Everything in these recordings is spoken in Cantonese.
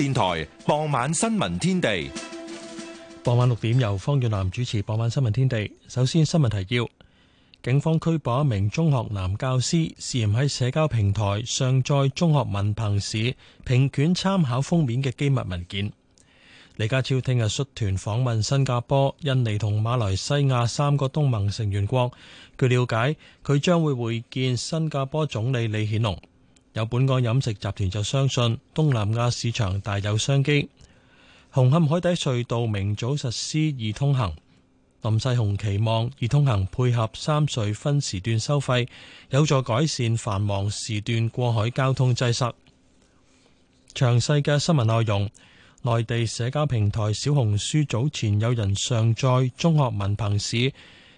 電台傍晚新聞天地，傍晚六點由方遠南主持。傍晚新聞天地，首先新聞提要：警方拘捕一名中學男教師，涉嫌喺社交平台上載中學文憑試評卷參考封面嘅機密文件。李家超聽日率團訪問新加坡、印尼同馬來西亞三個東盟成員國。據了解，佢將會會見新加坡總理李顯龍。有本港飲食集團就相信東南亞市場大有商機。紅磡海底隧道明早實施易通行，林世雄期望易通行配合三隧分時段收費，有助改善繁忙時段過海交通擠塞。詳細嘅新聞內容，內地社交平台小紅書早前有人上載中學文憑試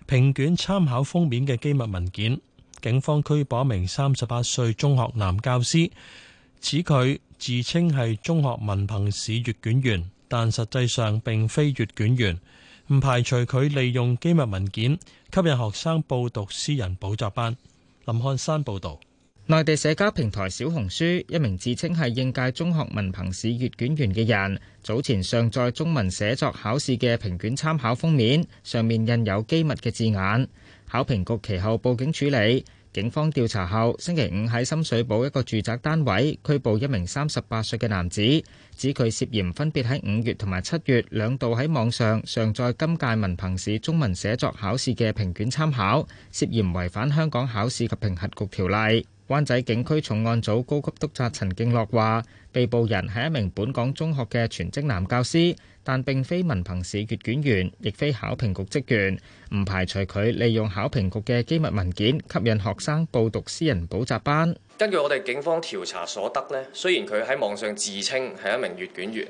評卷參考封面嘅機密文件。警方拘捕一名三十八歲中學男教師，指佢自稱係中學文憑試閱卷員，但實際上並非閱卷員，唔排除佢利用機密文件吸引學生報讀私人補習班。林漢山報道，內地社交平台小紅書一名自稱係應屆中學文憑試閱卷員嘅人，早前上載中文寫作考試嘅評卷參考封面，上面印有機密嘅字眼。考評局其後報警處理，警方調查後，星期五喺深水埗一個住宅單位拘捕一名三十八歲嘅男子，指佢涉嫌分別喺五月同埋七月兩度喺網上上載今屆文憑試中文寫作考試嘅評卷參考，涉嫌違反香港考試及評核局條例。灣仔警區重案組高級督察陳敬樂話，被捕人係一名本港中學嘅全職男教師。但並非文憑試閱卷員，亦非考評局職員，唔排除佢利用考評局嘅機密文件吸引學生報讀私人補習班。根據我哋警方調查所得咧，雖然佢喺網上自稱係一名閱卷員，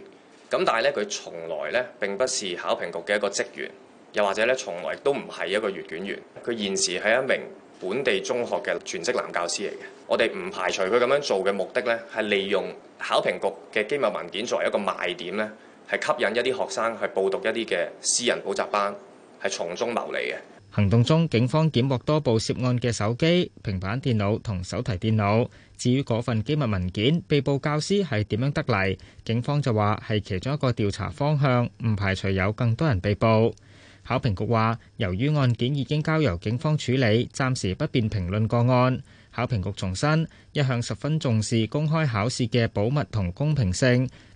咁但係咧佢從來咧並不是考評局嘅一個職員，又或者咧從來都唔係一個閱卷員，佢現時係一名本地中學嘅全職男教師嚟嘅。我哋唔排除佢咁樣做嘅目的咧，係利用考評局嘅機密文件作為一個賣點咧。係吸引一啲學生去報讀一啲嘅私人補習班，係從中牟利嘅。行動中，警方檢獲多部涉案嘅手機、平板電腦同手提電腦。至於嗰份機密文件，被捕教師係點樣得嚟？警方就話係其中一個調查方向，唔排除有更多人被捕。考評局話，由於案件已經交由警方處理，暫時不便評論個案。考評局重申，一向十分重視公開考試嘅保密同公平性。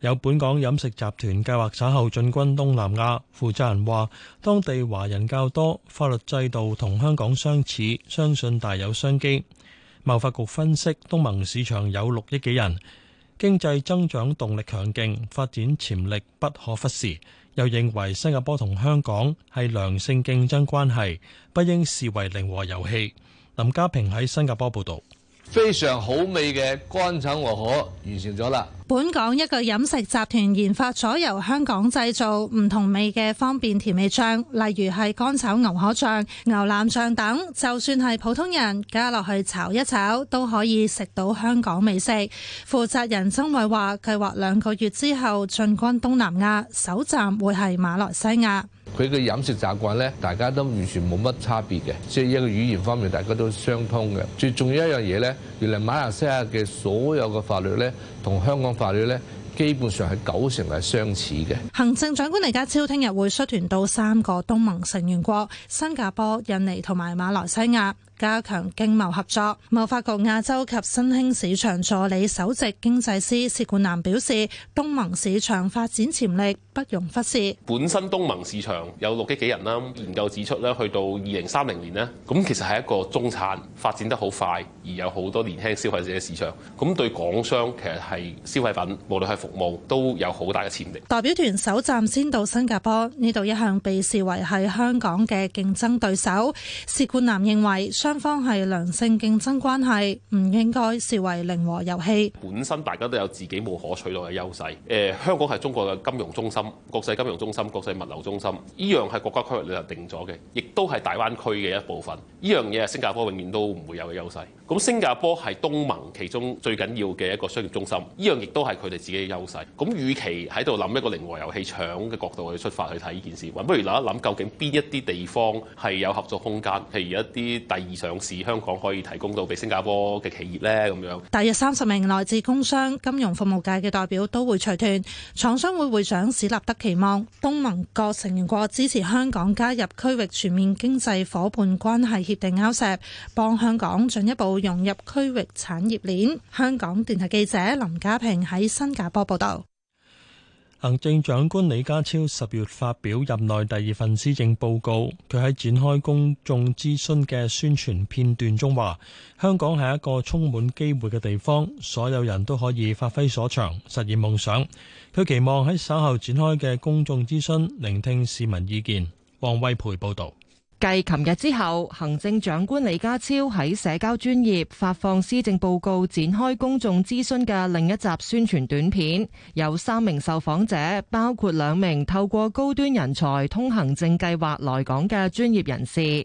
有本港飲食集團計劃稍後進軍東南亞，負責人話：當地華人較多，法律制度同香港相似，相信大有商機。貿發局分析，東盟市場有六億幾人，經濟增長動力強勁，發展潛力不可忽視。又認為新加坡同香港係良性競爭關係，不應視為零和遊戲。林家平喺新加坡報道。非常好味嘅乾炒牛河完成咗啦！本港一個飲食集團研發咗由香港製造唔同味嘅方便甜味醬，例如係乾炒牛河醬、牛腩醬等。就算係普通人加落去炒一炒，都可以食到香港美食。負責人曾偉話，計劃兩個月之後進軍東南亞，首站會係馬來西亞。佢嘅飲食習慣咧，大家都完全冇乜差別嘅，即係一個語言方面大家都相通嘅。最重要一樣嘢咧，原來馬來西亞嘅所有嘅法律咧，同香港法律咧，基本上係九成係相似嘅。行政長官李家超聽日會率團到三個東盟成員國：新加坡、印尼同埋馬來西亞。加強經貿合作，貿發局亞洲及新興市場助理首席經濟師薛冠南表示，東盟市場發展潛力不容忽視。本身東盟市場有六億幾人啦，研究指出咧，去到二零三零年咧，咁其實係一個中產發展得好快，而有好多年輕消費者嘅市場，咁對港商其實係消費品，無論係服務都有好大嘅潛力。代表團首站先到新加坡，呢度一向被視為係香港嘅競爭對手。薛冠南認為，雙方係良性競爭關係，唔應該視為零和遊戲。本身大家都有自己冇可取代嘅優勢。誒、呃，香港係中國嘅金融中心、國際金融中心、國際物流中心，呢樣係國家規劃裏頭定咗嘅，亦都係大灣區嘅一部分。呢樣嘢係新加坡永遠都唔會有嘅優勢。咁新加坡係東盟其中最緊要嘅一個商業中心，呢樣亦都係佢哋自己嘅優勢。咁，與其喺度諗一個零和遊戲搶嘅角度去出發去睇呢件事，咁不如諗一諗究竟邊一啲地方係有合作空間？譬如一啲第二。上市香港可以提供到俾新加坡嘅企業咧，咁樣大約三十名來自工商、金融服務界嘅代表都會隨團。廠商會會長史立德期望，東盟各成員國支持香港加入區域全面經濟伙伴關係協定交涉，幫香港進一步融入區域產業鏈，香港電台記者林家平喺新加坡報道。行政長官李家超十月發表任內第二份施政報告，佢喺展開公眾諮詢嘅宣傳片段中話：香港係一個充滿機會嘅地方，所有人都可以發揮所長，實現夢想。佢期望喺稍後展開嘅公眾諮詢，聆聽市民意見。王威培報道。繼琴日之後，行政長官李家超喺社交專業發放施政報告展開公眾諮詢嘅另一集宣傳短片，有三名受訪者，包括兩名透過高端人才通行證計劃來港嘅專業人士。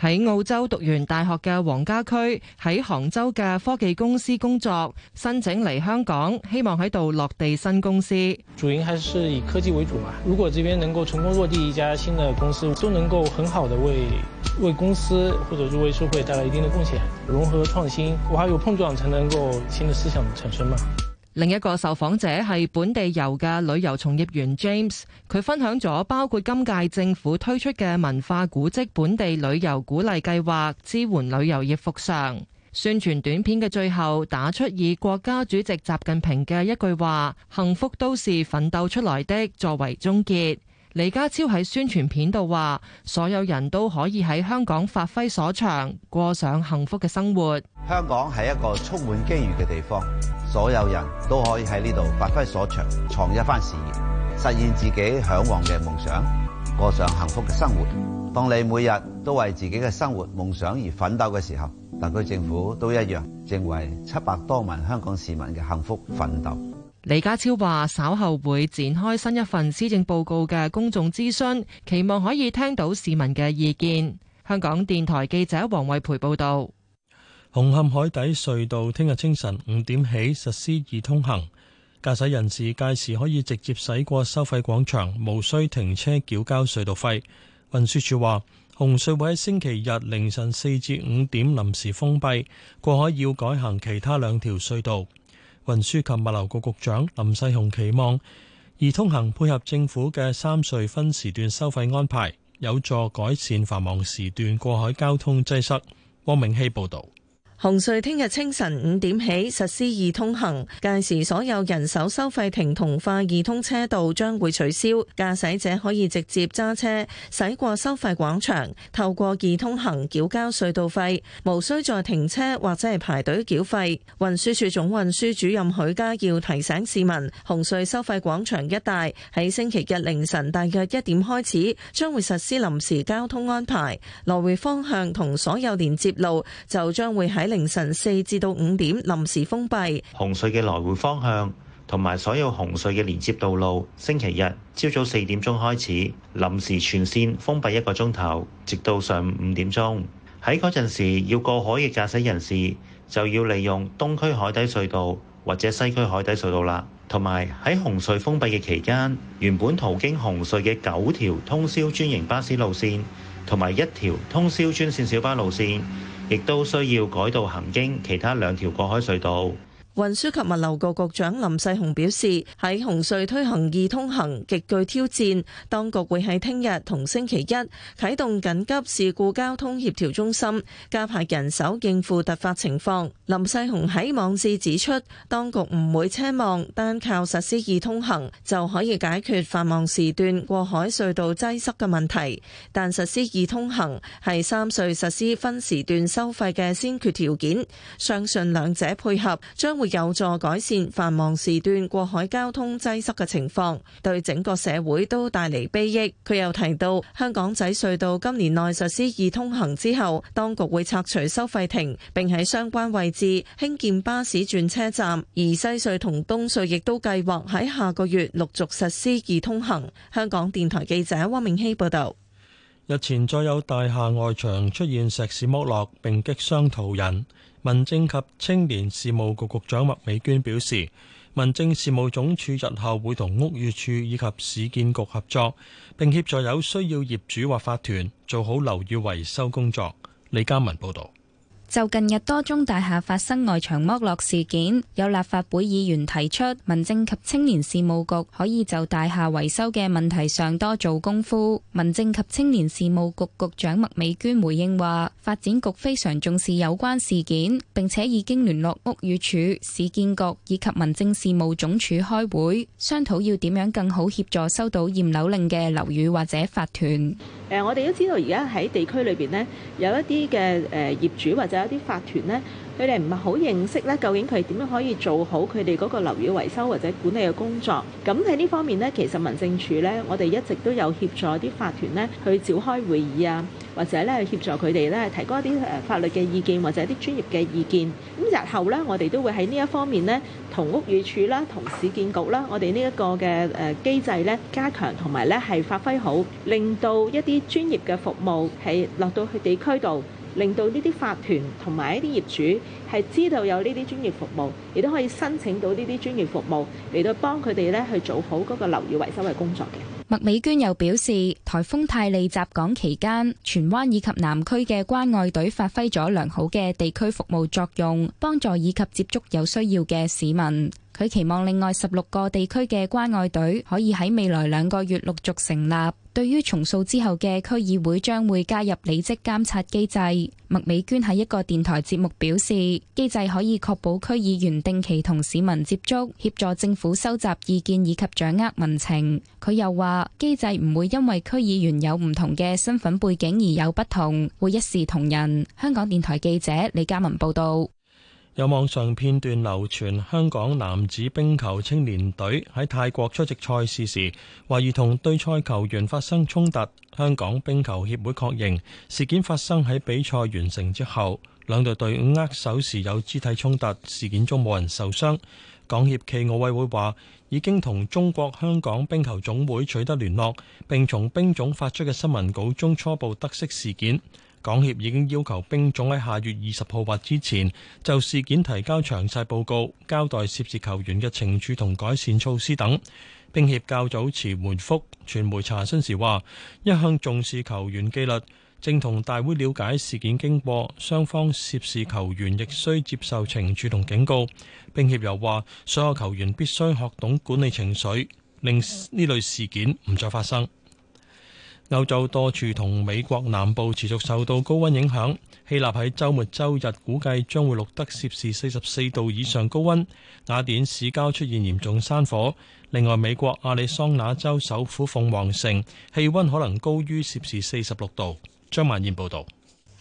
喺澳洲讀完大學嘅黃家駒喺杭州嘅科技公司工作，申請嚟香港，希望喺度落地新公司。主營還是以科技為主嘛？如果這邊能夠成功落地一家新嘅公司，都能夠很好的為為公司或者是為社會帶來一定的貢獻。融合創新，我還有碰撞，才能夠新的思想產生嘛。另一個受訪者係本地遊嘅旅遊從業員 James，佢分享咗包括今屆政府推出嘅文化古跡本地旅遊鼓勵計劃，支援旅遊業復常。宣傳短片嘅最後，打出以國家主席習近平嘅一句話：“幸福都是奮鬥出來的”作為終結。李家超喺宣傳片度話：所有人都可以喺香港發揮所長，過上幸福嘅生活。香港係一個充滿機遇嘅地方。所有人都可以喺呢度發揮所長，創一番事業，實現自己向往嘅夢想，過上幸福嘅生活。當你每日都為自己嘅生活夢想而奮鬥嘅時候，特區政府都一樣，正為七百多萬香港市民嘅幸福奮鬥。李家超話：稍後會展開新一份施政報告嘅公眾諮詢，期望可以聽到市民嘅意見。香港電台記者黃慧培報道。紅磡海底隧道聽日清晨五點起實施易通行，駕駛人士屆時可以直接駛過收費廣場，無需停車繳交隧道費。運輸署話，紅隧會喺星期日凌晨四至五點臨時封閉，過海要改行其他兩條隧道。運輸及物流局局長林世雄期望易通行配合政府嘅三隧分時段收費安排，有助改善繁忙時段過海交通擠塞。汪明熙報道。紅隧聽日清晨五點起實施易通行，屆時所有人手收費亭同化易通車道將會取消，駕駛者可以直接揸車駛過收費廣場，透過易通行繳交隧道費，無需再停車或者係排隊繳費。運輸署總運輸主任許家耀提醒市民，紅隧收費廣場一帶喺星期日凌晨大約一點開始，將會實施臨時交通安排，來回方向同所有連接路就將會喺。凌晨四至到五點臨時封閉紅隧嘅來回方向同埋所有紅隧嘅連接道路。星期日朝早四點鐘開始臨時全線封閉一個鐘頭，直到上午五點鐘。喺嗰陣時要過海嘅駕駛人士就要利用東區海底隧道或者西區海底隧道啦。同埋喺紅隧封閉嘅期間，原本途經紅隧嘅九條通宵專營巴士路綫同埋一條通宵專綫小巴路綫。亦都需要改道行經其他兩條過海隧道。運輸及物流局局長林世雄表示，喺紅隧推行易通行極具挑戰，當局會喺聽日同星期一啟動緊急事故交通協調中心，加派人手應付突發情況。林世雄喺網誌指出，當局唔會奢望單靠實施易通行就可以解決繁忙時段過海隧道擠塞嘅問題，但實施易通行係三隧實施分時段收費嘅先決條件，相信兩者配合將會，有助改善繁忙時段過海交通擠塞嘅情況，對整個社會都帶嚟裨益。佢又提到，香港仔隧道今年內實施易通行之後，當局會拆除收費亭，並喺相關位置興建巴士轉車站。而西隧同東隧亦都計劃喺下個月陸續實施易通行。香港電台記者汪明希報道。日前再有大廈外牆出現石屎剝落，並擊傷途人。民政及青年事務局局長麥美娟表示，民政事務總署日後會同屋宇署以及市建局合作，並協助有需要業主或法團做好樓宇維修工作。李嘉文報道。就近日多宗大廈發生外牆剝落事件，有立法會議員提出，民政及青年事務局可以就大廈維修嘅問題上多做功夫。民政及青年事務局局長麥美娟回應話，發展局非常重視有關事件，並且已經聯絡屋宇署、市建局以及民政事務總署開會，商討要點樣更好協助收到驗樓令嘅樓宇或者法團。誒，我哋都知道而家喺地區裏邊呢，有一啲嘅誒業主或者一啲法團呢，佢哋唔係好認識呢，究竟佢點樣可以做好佢哋嗰個樓宇維修或者管理嘅工作。咁喺呢方面呢，其實民政處呢，我哋一直都有協助啲法團呢去召開會議啊。或者咧協助佢哋咧，提供一啲誒法律嘅意見或者一啲專業嘅意見。咁日後咧，我哋都會喺呢一方面咧，同屋宇署啦、同市建局啦，我哋呢一個嘅誒機制咧加強，同埋咧係發揮好，令到一啲專業嘅服務係落到去地區度。令到呢啲法團同埋一啲業主係知道有呢啲專業服務，亦都可以申請到呢啲專業服務嚟到幫佢哋咧去做好嗰個樓宇維修嘅工作嘅。麥美娟又表示，颱風泰利襲港期間，荃灣以及南區嘅關愛隊發揮咗良好嘅地區服務作用，幫助以及接觸有需要嘅市民。佢期望另外十六個地區嘅關愛隊可以喺未來兩個月陸續成立。對於重塑之後嘅區議會將會加入履職監察機制，麥美娟喺一個電台節目表示，機制可以確保區議員定期同市民接觸，協助政府收集意見以及掌握民情。佢又話，機制唔會因為區議員有唔同嘅身份背景而有不同，會一視同仁。香港電台記者李嘉文報道。有網上片段流傳，香港男子冰球青年隊喺泰國出席賽事時，懷疑同對賽球員發生衝突。香港冰球協會確認，事件發生喺比賽完成之後，兩隊隊伍握手時有肢體衝突，事件中冇人受傷。港協暨奧委會話，已經同中國香港冰球總會取得聯絡，並從冰總發出嘅新聞稿中初步得悉事件。港協已經要求兵總喺下月二十號或之前就事件提交詳細報告，交代涉事球員嘅懲處同改善措施等。兵協較早遲回覆傳媒查詢時話，一向重視球員紀律，正同大會了解事件經過，雙方涉事球員亦需接受懲處同警告。兵協又話，所有球員必須學懂管理情緒，令呢類事件唔再發生。歐洲多處同美國南部持續受到高温影響，希臘喺週末周日估計將會錄得攝氏四十四度以上高温，雅典市郊出現嚴重山火。另外，美國亞利桑那州首府鳳凰城氣温可能高於攝氏四十六度。張萬燕報導。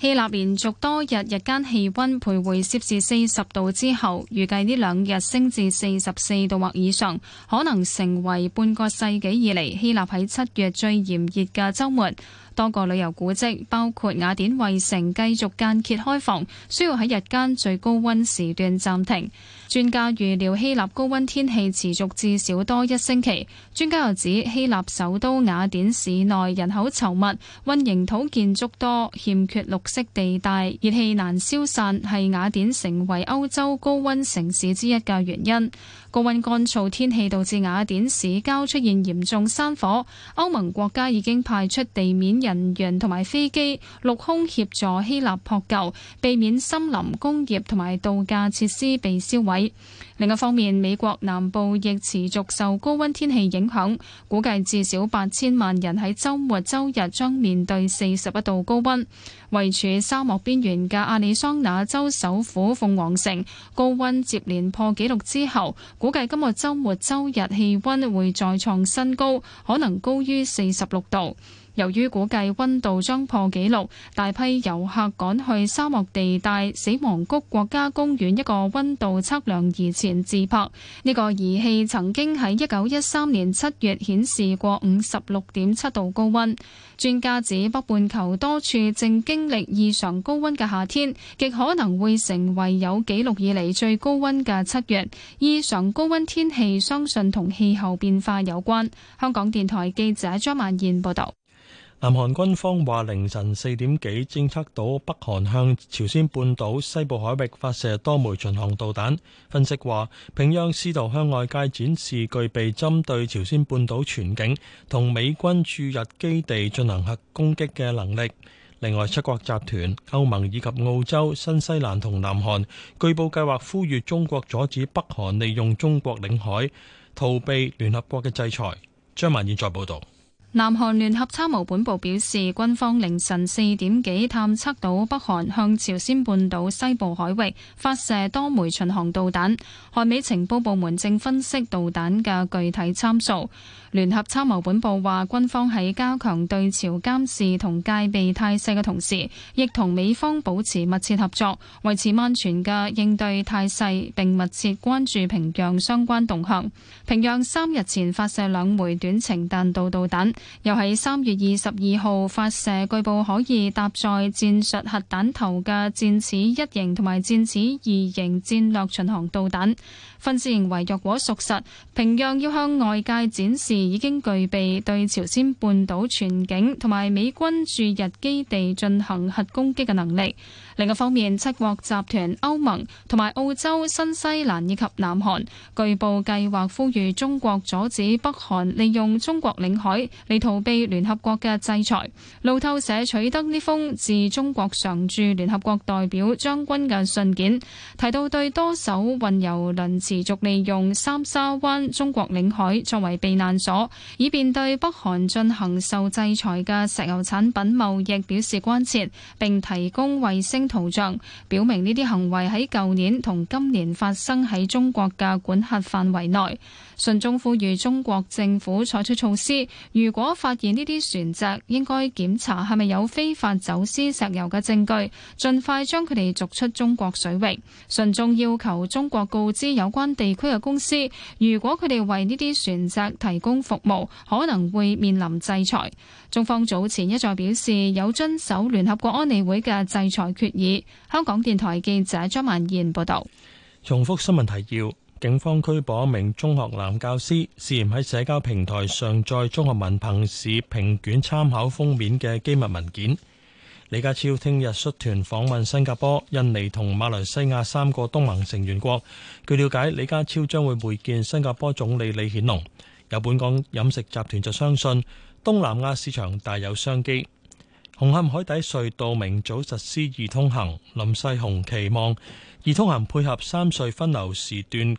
希臘連續多日日間氣温徘徊攝氏四十度之後，預計呢兩日升至四十四度或以上，可能成為半個世紀以嚟希臘喺七月最炎熱嘅週末。多個旅遊古蹟，包括雅典衛城，繼續間歇開放，需要喺日間最高溫時段暫停。專家預料希臘高溫天氣持續至少多一星期。專家又指，希臘首都雅典市內人口稠密，混凝土建築多，欠缺綠色地帶，熱氣難消散，係雅典成為歐洲高溫城市之一嘅原因。高温乾燥天氣導致雅典市郊出現嚴重山火，歐盟國家已經派出地面人員同埋飛機陸空協助希臘撲救，避免森林、工業同埋度假設施被燒毀。另一方面，美國南部亦持續受高温天氣影響，估計至少八千萬人喺週末週日將面對四十一度高温。位處沙漠邊緣嘅阿里桑那州首府鳳凰城，高温接連破紀錄之後，估計今個週末週日氣温會再創新高，可能高於四十六度。由於估計溫度將破紀錄，大批遊客趕去沙漠地帶死亡谷國家公園一個溫度測量儀前自拍。呢、這個儀器曾經喺一九一三年七月顯示過五十六點七度高温。專家指北半球多處正經歷異常高温嘅夏天，極可能會成為有紀錄以嚟最高温嘅七月。異常高温天氣相信同氣候變化有關。香港電台記者張曼燕報導。南韓軍方話凌晨四點幾偵測到北韓向朝鮮半島西部海域發射多枚巡航導彈。分析話平壤試圖向外界展示具備針對朝鮮半島全境同美軍駐日基地進行核攻擊嘅能力。另外七國集團、歐盟以及澳洲、新西蘭同南韓據報計劃呼籲中國阻止北韓利用中國領海逃避聯合國嘅制裁。張曼燕再報道。南韓聯合參謀本部表示，軍方凌晨四點幾探測到北韓向朝鮮半島西部海域發射多枚巡航導彈。韓美情報部門正分析導彈嘅具體參數。聯合參謀本部話，軍方喺加強對朝監視同戒備態勢嘅同時，亦同美方保持密切合作，維持安全嘅應對態勢，並密切關注平壤相關動向。平壤三日前發射兩枚短程彈道導彈。又喺三月二十二號發射，據報可以搭載戰術核彈頭嘅箭矢一型同埋箭矢二型戰略巡航導彈。分析認為，若果屬實，平壤要向外界展示已經具備對朝鮮半島全境同埋美軍駐日基地進行核攻擊嘅能力。另一方面，七國集團、歐盟同埋澳洲、新西蘭以及南韓，據報計劃呼籲中國阻止北韓利用中國領海。為逃避聯合國嘅制裁，路透社取得呢封致中國常駐聯合國代表張軍嘅信件，提到對多艘運油輪持續利用三沙灣中國領海作為避難所，以便對北韓進行受制裁嘅石油產品貿易表示關切，並提供衛星圖像，表明呢啲行為喺舊年同今年發生喺中國嘅管轄範圍內。信中呼籲中國政府採取措施，如果發現呢啲船隻，應該檢查係咪有非法走私石油嘅證據，盡快將佢哋逐出中國水域。信中要求中國告知有關地區嘅公司，如果佢哋為呢啲船隻提供服務，可能會面臨制裁。中方早前一再表示有遵守聯合國安理會嘅制裁決議。香港電台記者張曼燕報道。重複新聞提要。警方拘捕一名中學男教師，涉嫌喺社交平台上載中學文憑試評卷參考封面嘅機密文件。李家超聽日率團訪問新加坡、印尼同馬來西亞三個東盟成員國。據了解，李家超將會會見新加坡總理李顯龍。有本港飲食集團就相信東南亞市場大有商機。紅磡海底隧道明早實施二通行，林世雄期望二通行配合三隧分流時段。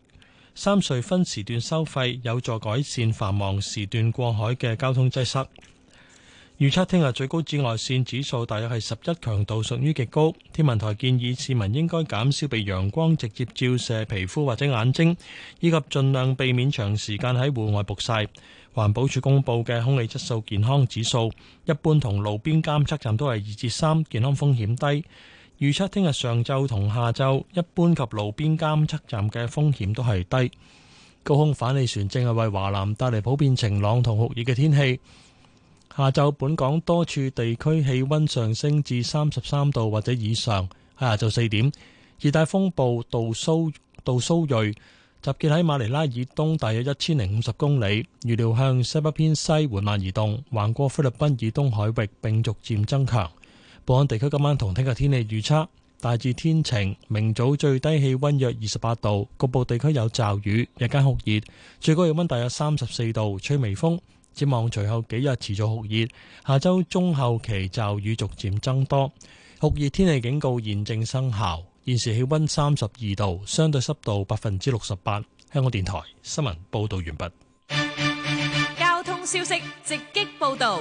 三隧分時段收費有助改善繁忙時段過海嘅交通擠塞。預測聽日最高紫外線指數大約係十一強度，屬於極高。天文台建議市民應該減少被陽光直接照射皮膚或者眼睛，以及盡量避免長時間喺戶外曝曬。環保署公布嘅空氣質素健康指數，一般同路邊監測站都係二至三，健康風險低。預測聽日上晝同下晝，一般及路邊監測站嘅風險都係低。高空反氣旋正係為華南帶嚟普遍晴朗同酷熱嘅天氣。下晝本港多處地區氣溫上升至三十三度或者以上。下晝四點，熱帶風暴杜蘇杜蘇瑞集結喺馬尼拉以東大約一千零五十公里，預料向西北偏西緩慢移動，橫過菲律賓以東海域，並逐漸增強。本港地區今晚同聽日天氣預測大致天晴，明早最低氣溫約二十八度，局部地區有驟雨，日間酷熱，最高氣溫大約三十四度，吹微風。展望隨後幾日持續酷熱，下周中後期驟雨逐漸增多，酷熱天氣警告現正生效。現時氣溫三十二度，相對濕度百分之六十八。香港電台新聞報道完畢。交通消息直擊報道。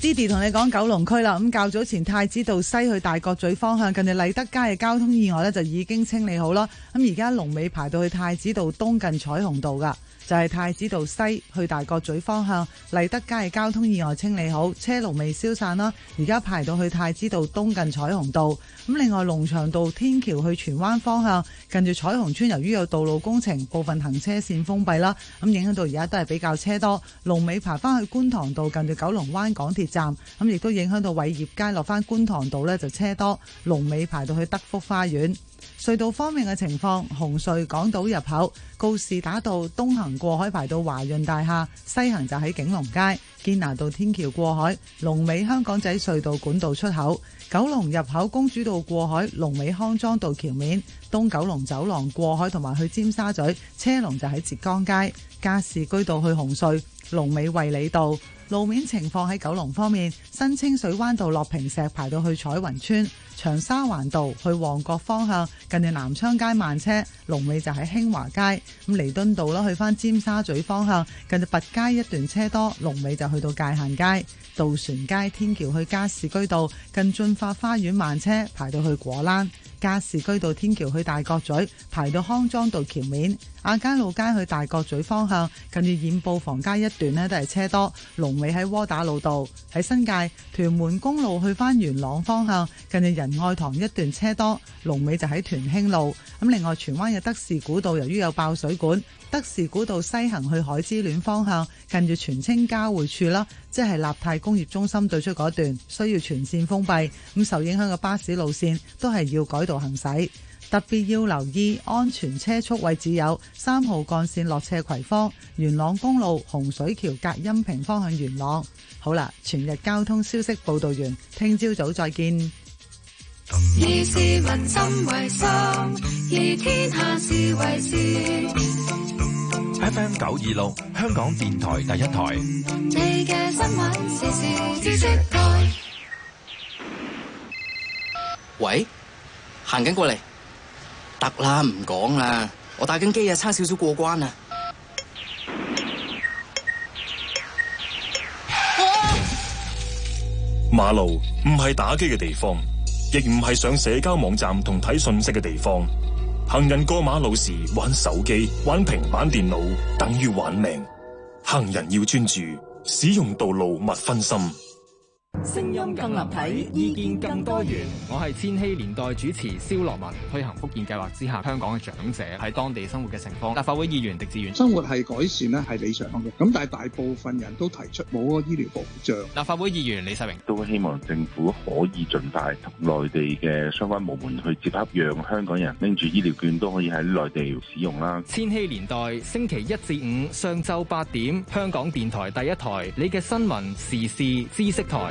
Didi 同你講九龍區啦，咁較早前太子道西去大角咀方向，近住禮德街嘅交通意外咧就已經清理好咯，咁而家龍尾排到去太子道東近彩虹道噶。就係太子道西去大角咀方向，麗德街嘅交通意外清理好，車龍未消散啦。而家排到去太子道東近彩虹道。咁另外，龍翔道天橋去荃灣方向，近住彩虹村，由於有道路工程，部分行車線封閉啦，咁影響到而家都係比較車多。龍尾排翻去觀塘道近住九龍灣港鐵站，咁亦都影響到偉業街落翻觀塘道呢，就車多。龍尾排到去德福花園。隧道方面嘅情況，紅隧港島入口告士打道東行過海排到華潤大廈，西行就喺景隆街堅拿道天橋過海，龍尾香港仔隧道管道出口，九龍入口公主道過海龍尾康莊道橋面東九龍走廊過海同埋去尖沙咀車龍就喺浙江街，加士居道去紅隧龍尾衛理道。路面情況喺九龍方面，新清水灣道落坪石排到去彩雲村，長沙灣道去旺角方向近住南昌街慢車，龍尾就喺興華街；咁彌敦道咯，去返尖沙咀方向近住拔街一段車多，龍尾就去到界限街、渡船街天橋去加士居道近駿發花園慢車排到去果欄。加士居道天橋去大角咀排到康莊道橋面，亞皆老街去大角咀方向，近住染布房街一段呢，都係車多，龍尾喺窩打老道；喺新界屯門公路去翻元朗方向，近住仁愛堂一段車多，龍尾就喺屯興路。咁另外，荃灣嘅德士古道由於有爆水管。德士古道西行去海之戀方向，近住荃青交匯處啦，即係立泰工業中心對出嗰段，需要全線封閉。咁受影響嘅巴士路線都係要改道行駛，特別要留意安全車速位置有三號幹線落斜葵芳元朗公路洪水橋隔音屏方向元朗。好啦，全日交通消息報道完，聽朝早再見。FM 九二六，香港電台第一台。喂，行緊過嚟，得啦，唔講啦，我打緊機啊，差少少過關啊。馬路唔係打機嘅地方，亦唔係上社交網站同睇信息嘅地方。行人過馬路時玩手機、玩平板電腦，等於玩命。行人要專注，使用道路勿分心。聲音更立體，意見更多元。我係千禧年代主持蕭樂文，推行福建計劃之下，香港嘅長者喺當地生活嘅情況。立法會議員狄志遠，生活係改善呢，係理想嘅。咁但係大部分人都提出冇個醫療保障。立法會議員李世榮都希望政府可以盡快同內地嘅相關部門去接洽，讓香港人拎住醫療券都可以喺內地使用啦。千禧年代星期一至五上晝八點，香港電台第一台，你嘅新聞時事知識台。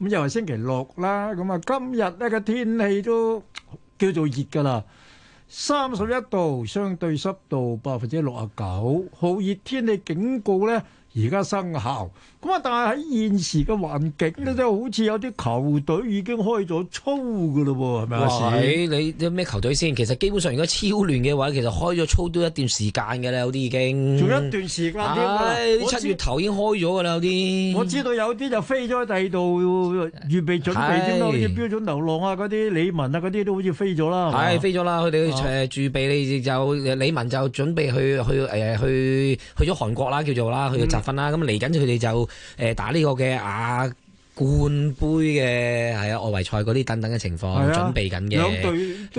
咁又係星期六啦，咁啊今日呢個天氣都叫做熱㗎啦，三十一度，相對濕度百分之六十九，酷熱天氣警告呢，而家生效咁啊！但係喺現時嘅環境咧，就好似有啲球隊已經開咗操㗎咯喎，係咪啊？係你咩球隊先？其實基本上如果超亂嘅話，其實開咗操都一段時間㗎啦，有啲已經。仲一段時間，七月頭已經開咗㗎啦，有啲。我知道有啲就飛咗喺第二度預備準備添咯，好似標準流浪啊、嗰啲李文啊、嗰啲都好似飛咗啦。係飛咗啦，佢哋誒準備，你就李文就準備去去誒去去咗韓國啦，叫做啦，去啦，咁嚟緊佢哋就誒打呢個嘅亞冠盃嘅係啊外圍賽嗰啲等等嘅情況準備緊嘅，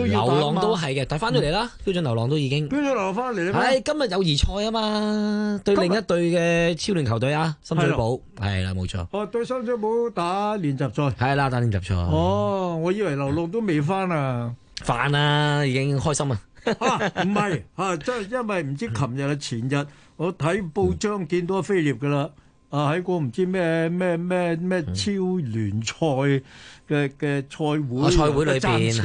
兩流浪都係嘅，但係翻咗嚟啦，標準流浪都已經標準流浪翻嚟啦。係、哎、今日友誼賽啊嘛，天對另一隊嘅超聯球隊啊，深水埗係啦，冇錯、啊。哦、啊啊，對深水埗打練習賽係啦，打練習賽。哦，我以為流浪都未翻啊，翻啊，已經開心 啊。唔係啊，即係因為唔知琴日啊前日。我睇報章見到阿飛碟嘅啦，啊喺個唔知咩咩咩咩超聯賽嘅嘅賽會賽、啊、會裏邊。